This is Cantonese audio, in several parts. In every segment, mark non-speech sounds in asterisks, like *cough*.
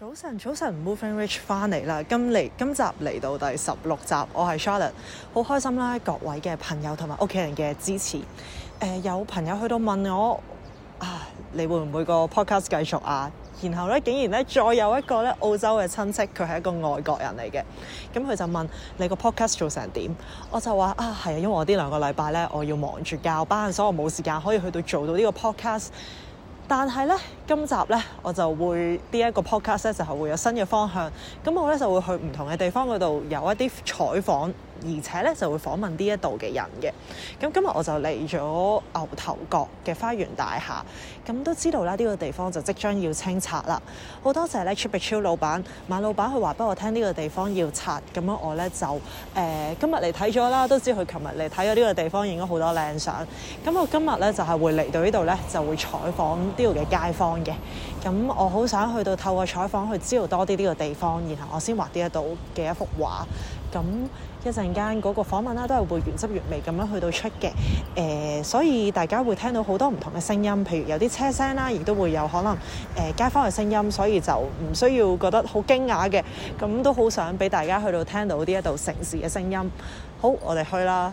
早晨，早晨，Moving Reach 翻嚟啦！今嚟今集嚟到第十六集，我係 Charlotte，好開心啦！各位嘅朋友同埋屋企人嘅支持。誒、呃，有朋友去到問我啊，你會唔會個 podcast 繼續啊？然後咧，竟然咧再有一個咧澳洲嘅親戚，佢係一個外國人嚟嘅。咁、嗯、佢就問你個 podcast 做成點？我就話啊，係啊，因為我呢兩個禮拜咧，我要忙住教班，所以我冇時間可以去到做到呢個 podcast。但係呢，今集呢，我就會呢一個 podcast 咧就係會有新嘅方向，咁我呢，就會，就會去唔同嘅地方嗰度有一啲採訪，而且咧就會訪問呢一度嘅人嘅。咁今日我就嚟咗牛頭角嘅花園大廈，咁都知道啦，呢、這個地方就即將要清拆啦。好多謝咧 cheap but chill 老闆。馬 *music* 老闆佢話俾我聽呢個地方要拆，咁樣我咧就誒、呃、今日嚟睇咗啦，都知佢琴日嚟睇咗呢個地方影咗好多靚相。咁我今日咧就係、是、會嚟到呢度咧就會採訪呢度嘅街坊嘅。咁我好想去到透過採訪去知道多啲呢個地方，然後我先畫呢一度嘅一幅畫。咁一陣間嗰個訪問啦，都係會原汁原味咁樣去到出嘅。誒、呃，所以大家會聽到好多唔同嘅聲音，譬如有啲車聲啦，亦都會有可能誒、呃、街坊嘅聲音，所以就唔需要覺得好驚訝嘅。咁都好想俾大家去到聽到呢一度城市嘅聲音。好，我哋去啦。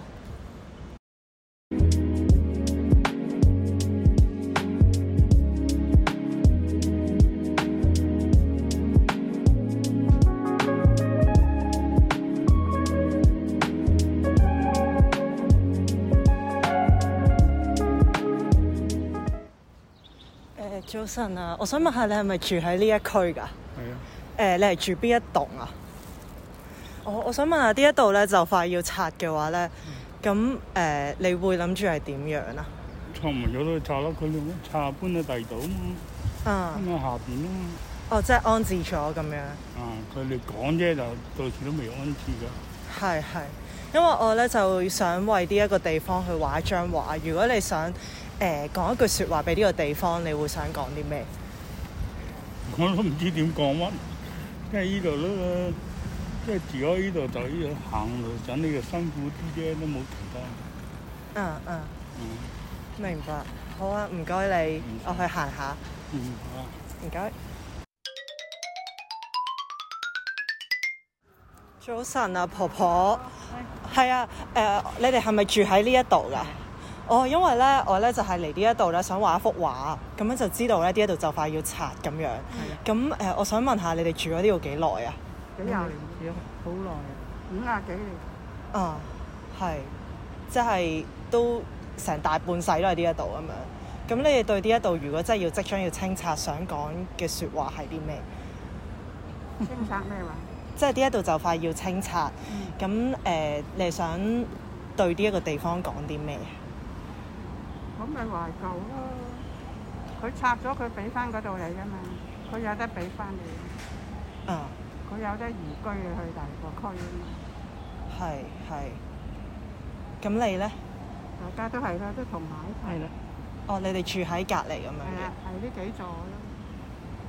早晨啊，我想問下你係咪住喺呢一區噶？係啊。誒、呃，你係住邊一棟啊？我我想問下，呢一度咧就快要拆嘅話咧，咁誒、嗯呃，你會諗住係點樣啊？拆唔咗都拆啦，佢哋拆搬去第二度，咁啊下邊咯。哦，即係安置咗咁樣。啊、嗯，佢哋講啫，就到時都未安置噶。係係，因為我咧就想為呢一個地方去畫一張畫。如果你想。誒，講、呃、一句說話俾呢個地方，你會想講啲咩？我都唔知點講乜，即係呢度咯，即係住喺呢度就呢度行路，咁你就辛苦啲啫，都冇其他。嗯、啊啊、嗯。明白。好啊，唔該你，行我去行下。嗯，唔該。煩早晨啊，婆婆。係安。係啊，誒、呃，你哋係咪住喺呢一度㗎？安哦，因為咧，我咧就係、是、嚟呢一度咧，想畫一幅畫，咁樣就知道咧，呢一度就快要拆咁樣。咁誒的、嗯呃，我想問下你哋住咗呢度幾耐啊？幾廿年住，好耐，五廿幾年。啊、嗯，係，即、就、係、是、都成大半世都喺呢一度咁樣。咁你哋對呢一度，如果真係要即將要清拆想，想講嘅説話係啲咩？清拆咩話？ *laughs* 即係呢一度就快要清拆，咁誒、嗯呃，你想對呢一個地方講啲咩？咁咪懷舊咯！佢拆咗，佢俾翻嗰度嚟噶嘛？佢有得俾翻你。嗯。佢有得移居去第二個區啊嘛。係係。咁你咧？大家都係啦，都同埋一齊。係啦的。哦，你哋住喺隔離咁樣嘅。係啊，係呢幾座咯。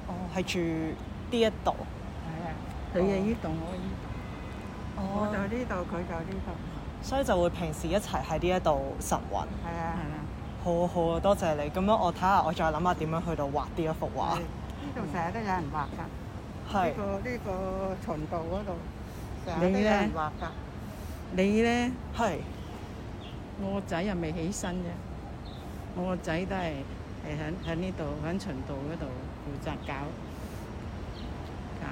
哦，係住呢一度。係啊。佢嘅呢度，我嘅呢度。我就呢度，佢就呢度。所以就會平時一齊喺呢一度神魂。係啊的！係啊！好好、啊，多謝你。咁樣我睇下，我再諗下點樣去到畫啲一幅畫。呢度成日都有人畫噶。係是。這個這個、呢個呢個循道嗰度成日都有人畫噶。你咧是？你咧？係。我個仔又未起身啫。我個仔都係係喺喺呢度喺循道嗰度負責搞搞，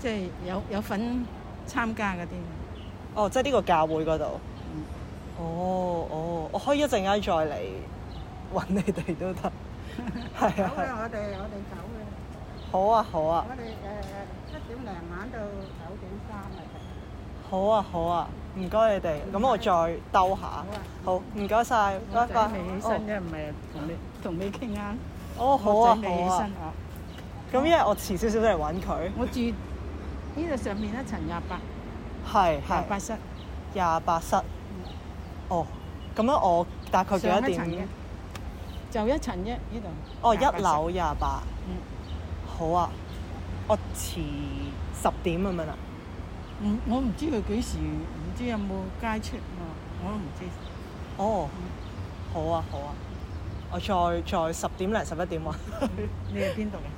即係有有份參加嗰啲。哦，即係呢個教會嗰度。哦，哦，我可以一陣間再嚟揾你哋都得，係啊。 *coughs* 咁、uh, 啊，我哋我哋走嘅。好啊，好啊。我哋誒七點零晚到九點三嚟。好啊，好啊，唔該你哋。咁我再兜下。好唔該晒。拜拜。仲未起身嘅唔係同咩？同你傾啱？哦，好啊，起身啊。咁因為我遲少少都嚟揾佢。我住呢度上面一層廿八。係係。廿八室。廿八室。哦，咁樣我大概幾多點？就一層啫，呢度。哦，28 一樓廿八。嗯。好啊，我遲十點咁樣啦？唔、嗯，我唔知佢幾時，唔知有冇街出啊？我都唔知。哦，嗯、好啊，好啊，我再再十點零十一點啊。 *laughs* 你喺邊度啊？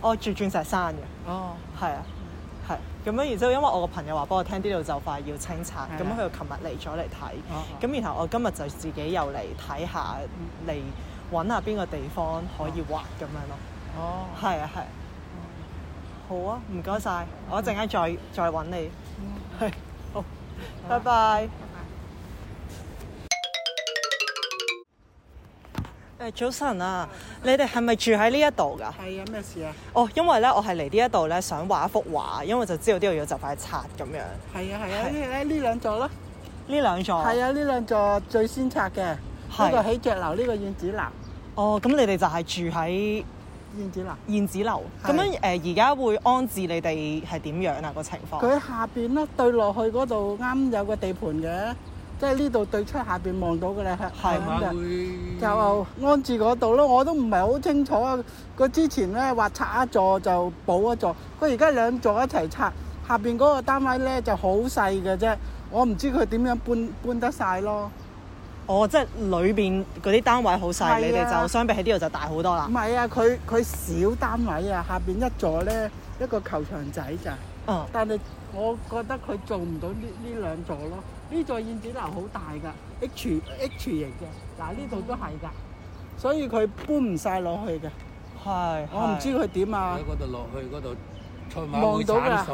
我住鑽石山嘅。哦，係啊。係咁樣，然之後因為我個朋友話幫我聽，呢度就快要清拆，咁佢琴日嚟咗嚟睇，咁、哦哦、然後我今日就自己又嚟睇下嚟揾，嗯、下邊個地方可以畫咁樣咯。哦，係啊樣，係、哦哦。好啊，唔該晒，我陣間再再揾你。嗯，係，好，好啊，拜拜。早晨啊！你哋係咪住喺呢一度噶？係啊，咩事啊？哦，因為咧，我係嚟呢一度咧，想畫一幅畫，因為就知道呢度要就快拆咁樣。係啊係啊，呢呢兩座咯，呢兩座。係啊，呢兩座最先拆嘅，呢個喜鵲樓，呢個燕子樓。哦，咁你哋就係住喺燕子樓。燕子樓。咁樣誒，而家會安置你哋係點樣啊？個情況。佢下邊啦，對落去嗰度啱有個地盤嘅。即係呢度對出下邊望到嘅咧，係咁吧就，會就安置嗰度咯。我都唔係好清楚，佢之前咧話拆一座就補一座，佢而家兩座一齊拆，下邊嗰個單位咧就好細嘅啫。我唔知佢點樣搬搬得晒咯。哦，即係裏邊嗰啲單位好細，啊、你哋就相比起呢度就大好多啦。唔係啊，佢佢小單位啊，下邊一座咧一個球場仔咋。哦、嗯。但係我覺得佢做唔到呢呢兩座咯。呢座燕子樓好大噶，H H 型嘅，嗱呢度都係㗎，所以佢搬唔晒落去嘅。係，我唔知佢點啊。喺嗰度落去，度望到㗎啦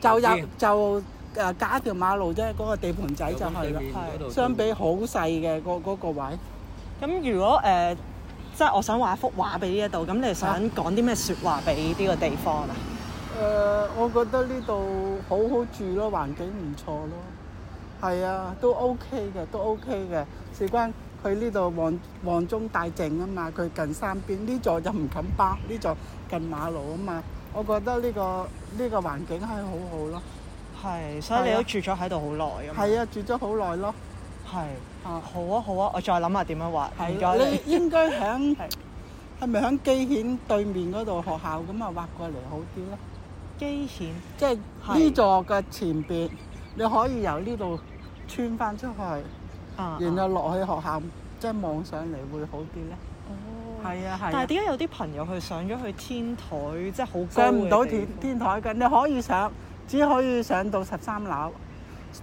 就入就誒隔一條馬路啫，嗰個地盤仔就係啦。相比好細嘅嗰嗰個位，咁如果誒即係我想畫幅畫俾呢一度，咁你想講啲咩説話俾呢個地方啊？誒，我覺得呢度好好住咯，環境唔錯咯。係啊，都 OK 嘅，都 OK 嘅。事關佢呢度旺旺中帶靜啊嘛，佢近山邊，呢座就唔近巴，呢座近馬路啊嘛。我覺得呢、呢個呢、呢個環境係好好咯。係，所以你都住咗喺度好耐啊。係啊，住咗好耐咯。係。啊，好啊，好啊，我再諗下點樣畫。係，你應該喺係咪喺機險對面嗰度學校咁啊是畫過嚟好啲咧？機險即係呢座嘅前邊，你可以由呢度。穿翻出去，然後落去學校，即係望上嚟會好啲咧。哦，係啊，係。但係點解有啲朋友去上咗去天台，即係好上唔到天天台嘅？你可以上，只可以上到十三樓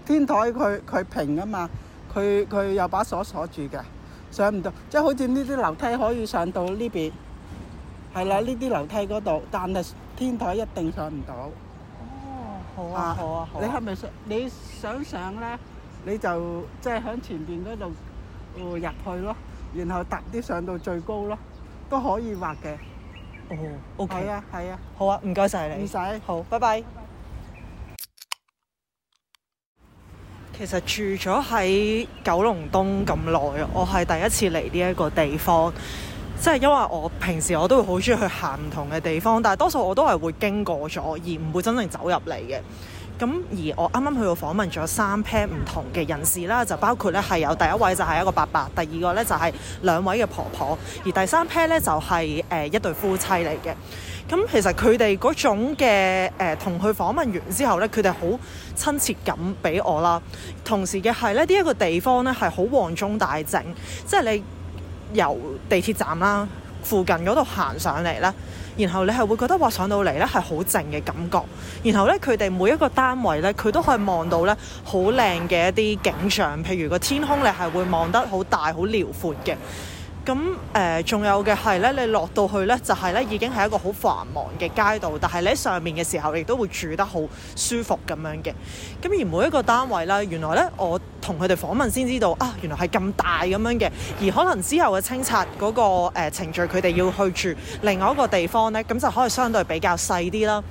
天台。佢佢平啊嘛，佢佢有把鎖鎖住嘅，上唔到。即係好似呢啲樓梯可以上到呢邊，係啦，呢啲樓梯嗰度，但係天台一定上唔到。哦，好啊，好啊，好。你係咪想你想上咧？你就即係喺前邊嗰度，入去咯，然後揼啲上到最高咯，都可以畫嘅。哦，OK，係啊，係啊，好啊，唔該晒你。唔使，好，拜拜。拜拜。其實住咗喺九龍東咁耐，我係第一次嚟呢一個地方。即係因為我平時我都會好中意去行唔同嘅地方，但係多數我都係會經過咗，而唔會真正走入嚟嘅。咁而我啱啱去到訪問咗三 pair 唔同嘅人士啦，就包括咧係有第一位就係一個伯伯，第二個咧就係兩位嘅婆婆，而第三 pair 咧就係誒一對夫妻嚟嘅。咁其實佢哋嗰種嘅誒同佢訪問完之後咧，佢哋好親切感俾我啦。同時嘅係咧，呢一個地方咧係好旺中帶靜，即係你由地鐵站啦附近嗰度行上嚟咧。然後你係會覺得話上到嚟呢係好靜嘅感覺，然後呢，佢哋每一個單位呢，佢都可以望到呢好靚嘅一啲景象，譬如個天空你係會望得好大好遼闊嘅。咁誒，仲有嘅係咧，你落到去咧，就係咧已經係一個好繁忙嘅街道，但係你喺上面嘅時候，亦都會住得好舒服咁樣嘅。咁而每一個單位咧，原來咧，我同佢哋訪問先知道啊，原來係咁大咁樣嘅。而可能之後嘅清拆嗰個誒程序，佢哋要去住另外一個地方咧，咁就可以相對比較細啲啦。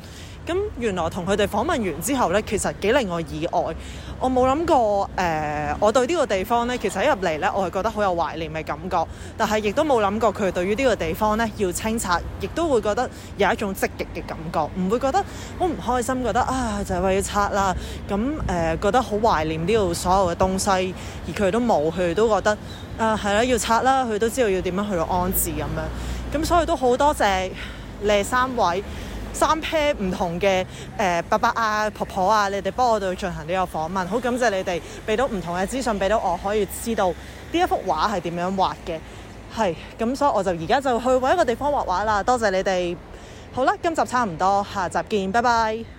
咁原來同佢哋訪問完之後咧，其實幾令我意外。我冇諗過，誒、呃，我對呢個地方咧，其實一入嚟呢，我係覺得好有懷念嘅感覺。但係亦都冇諗過佢對於呢個地方呢，要清拆，亦都會覺得有一種積極嘅感覺，唔會覺得好唔開心，覺得啊就係話要拆啦。咁誒、呃、覺得好懷念呢度所有嘅東西，而佢都冇，佢都覺得啊係啦要拆啦，佢都知道要點樣去到安置咁樣。咁所以都好多謝呢三位。三 p 唔同嘅誒、呃、爸爸啊、婆婆啊，你哋幫我對進行呢個訪問，好感謝你哋俾到唔同嘅資訊，俾到我可以知道呢一幅畫係點樣畫嘅。係咁所以我就而家就去揾一個地方畫畫啦，多謝你哋，好啦，今集差唔多，下集見，拜拜。